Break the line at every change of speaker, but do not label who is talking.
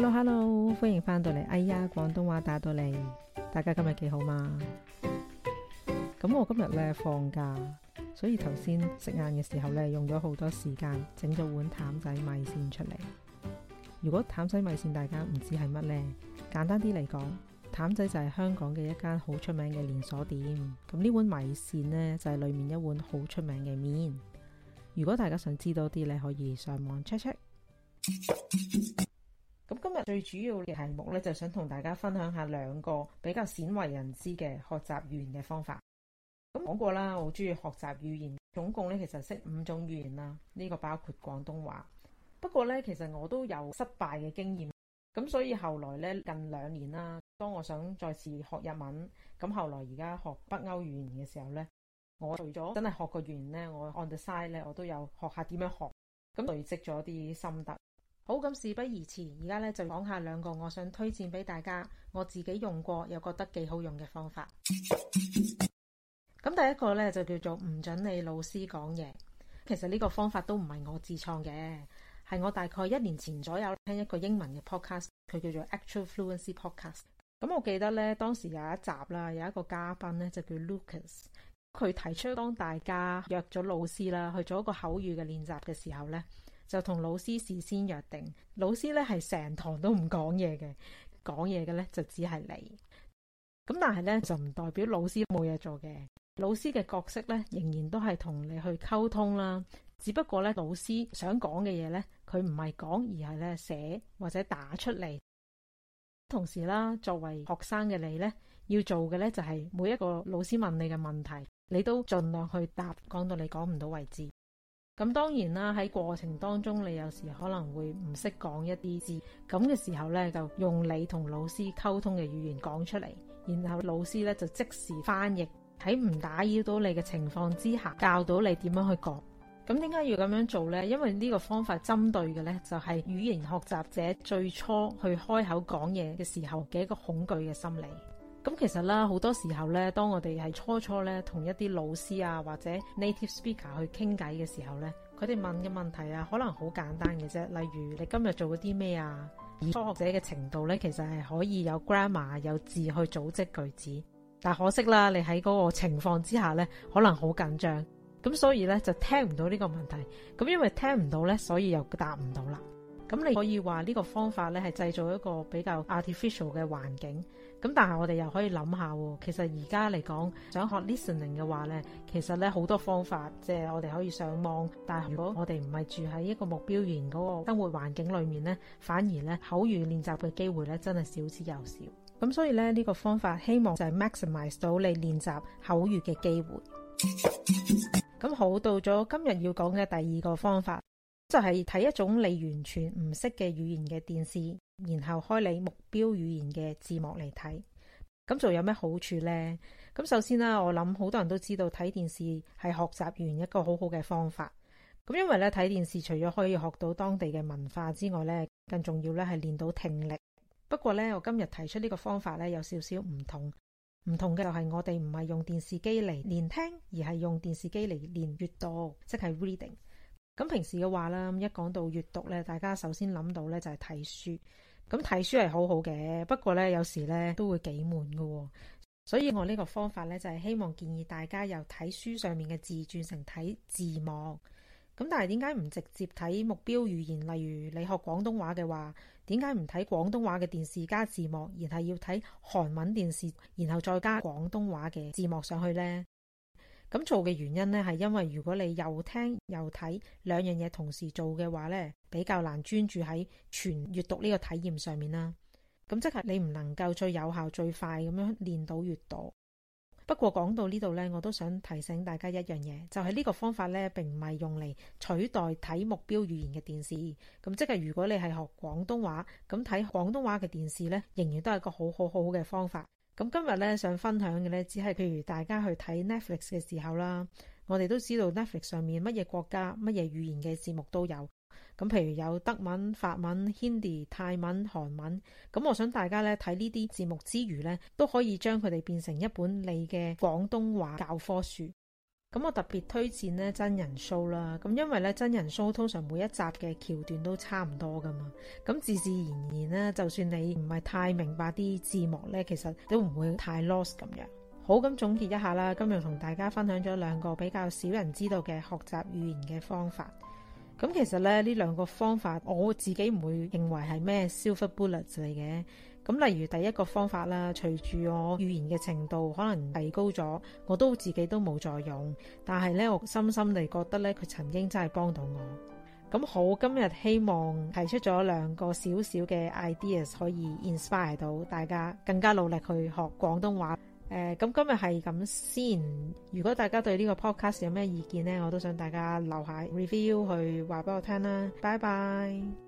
Hello，Hello，hello. 歡迎返到嚟。哎呀，廣東話打到嚟，大家今日幾好嘛？咁我今日呢放假，所以頭先食晏嘅時候呢，用咗好多時間整咗碗譚仔米線出嚟。如果譚仔米線大家唔知係乜呢？簡單啲嚟講，譚仔就係香港嘅一間好出名嘅連鎖店。咁呢碗米線呢，就係、是、裡面一碗好出名嘅麵。如果大家想知道啲，你可以上網 check check。 咁今日最主要嘅題目咧，就想同大家分享下兩個比較鮮為人知嘅學習語言嘅方法。咁講過啦，我好中意學習語言，總共咧其實識五種語言啦。呢個包括廣東話。不過咧，其實我都有失敗嘅經驗。咁所以後來咧，近兩年啦，當我想再次學日文，咁後來而家學北歐語言嘅時候咧，我除咗真係學個語言咧，我 on the side 咧，我都有學下點樣學，咁累積咗啲心得。好咁，事不宜遲，而家咧就講下兩個我想推薦俾大家，我自己用過又覺得幾好用嘅方法。咁 第一個咧就叫做唔準你老師講嘢。其實呢個方法都唔係我自創嘅，係我大概一年前左右聽一個英文嘅 podcast，佢叫做 Actual Fluency Podcast。咁我記得咧當時有一集啦，有一個嘉賓咧就叫 Lucas，佢提出當大家約咗老師啦去做一個口語嘅練習嘅時候咧。就同老師事先約定，老師咧係成堂都唔講嘢嘅，講嘢嘅咧就只係你。咁但係咧就唔代表老師冇嘢做嘅，老師嘅角色咧仍然都係同你去溝通啦。只不過咧，老師想講嘅嘢咧，佢唔係講而係咧寫或者打出嚟。同時啦，作為學生嘅你咧，要做嘅咧就係每一個老師問你嘅問題，你都盡量去答，講到你講唔到為止。咁當然啦，喺過程當中，你有時可能會唔識講一啲字。咁嘅時候呢，就用你同老師溝通嘅語言講出嚟，然後老師呢，就即時翻譯。喺唔打擾到你嘅情況之下，教到你點樣去講。咁點解要咁樣做呢？因為呢個方法針對嘅呢，就係語言學習者最初去開口講嘢嘅時候嘅一個恐懼嘅心理。咁其實啦，好多時候咧，當我哋係初初咧同一啲老師啊，或者 native speaker 去傾偈嘅時候咧，佢哋問嘅問題啊，可能好簡單嘅啫。例如你今日做咗啲咩啊？以初學者嘅程度咧，其實係可以有 grammar 有字去組織句子，但可惜啦，你喺嗰個情況之下咧，可能好緊張，咁所以咧就聽唔到呢個問題。咁因為聽唔到咧，所以又答唔到啦。咁你可以話呢個方法咧係製造一個比較 artificial 嘅環境。咁但係我哋又可以諗下喎，其實而家嚟講，想學 listening 嘅話呢，其實呢好多方法，即係我哋可以上網。但係如果我哋唔係住喺一個目標語言嗰個生活環境裡面呢，反而呢口語練習嘅機會呢真係少之又少。咁、嗯、所以呢，呢、呢個方法希望就係 maximize 到你練習口語嘅機會。咁 好，到咗今日要講嘅第二個方法，就係、係、睇一種你完全唔識嘅語言嘅電視。然後開你目標語言嘅字幕嚟睇咁仲有咩好處呢？咁首先啦，我諗好多人都知道睇電視係學習語言一個好好嘅方法。咁因為咧睇電視除咗可以學到當地嘅文化之外咧，更重要咧係練到聽力。不過咧，我今日提出呢個方法咧有少少唔同，唔同嘅就係我哋唔係用電視機嚟練聽，而係用電視機嚟練閱讀，即係 reading。咁平時嘅話啦，一講到閱讀咧，大家首先諗到咧就係睇書。咁睇書係好好嘅，不過咧，有時咧都會幾悶㗎，所以我呢個方法咧就係希望建議大家由睇書上面嘅字轉成睇字幕。咁但係點解唔直接睇目標語言？例如你學廣東話嘅話，點解唔睇廣東話嘅電視加字幕，然後要睇韓文電視，然後再加廣東話嘅字幕上去呢？咁做嘅原因咧，係因為如果你又聽又睇兩樣嘢同時做嘅話咧，比較難專注喺全閱讀呢個體驗上面啦。咁即係你唔能夠最有效最快咁樣練到閱讀。不過講到呢度咧，我都想提醒大家一樣嘢，就係呢個方法咧，並唔係用嚟取代睇目標語言嘅電視。咁即係如果你係學廣東話，咁睇廣東話嘅電視咧，仍然都係一個好好好嘅方法。咁今日咧想分享嘅咧，只係譬如大家去睇 Netflix 嘅時候啦，我哋都知道 Netflix 上面乜嘢國家、乜嘢語言嘅節目都有。咁譬如有德文、法文、Hindi、泰文、韓文。咁我想大家咧睇呢啲節目之餘呢，都可以將佢哋變成一本你嘅廣東話教科書。咁我特別推薦咧真人 show 啦，咁因為咧真人 show 通常每一集嘅橋段都差唔多噶嘛，咁自自然然咧，就算你唔係太明白啲字幕咧，其實都唔會太 lost 咁樣。好，咁總結一下啦，今日同大家分享咗兩個比較少人知道嘅學習語言嘅方法。咁其實咧，呢兩個方法我自己唔會認為係咩 silver bullets 嚟嘅。咁例如第一個方法啦，隨住我語言嘅程度可能提高咗，我都自己都冇再用。但係咧，我深深地覺得咧，佢曾經真係幫到我。咁好，今日希望提出咗兩個小小嘅 ideas，可以 inspire 到大家更加努力去學廣東話。誒咁，呃、今日係咁先。如果大家對呢個 podcast 有咩意見呢，我都想大家留下 review 去話俾我聽啦。拜拜。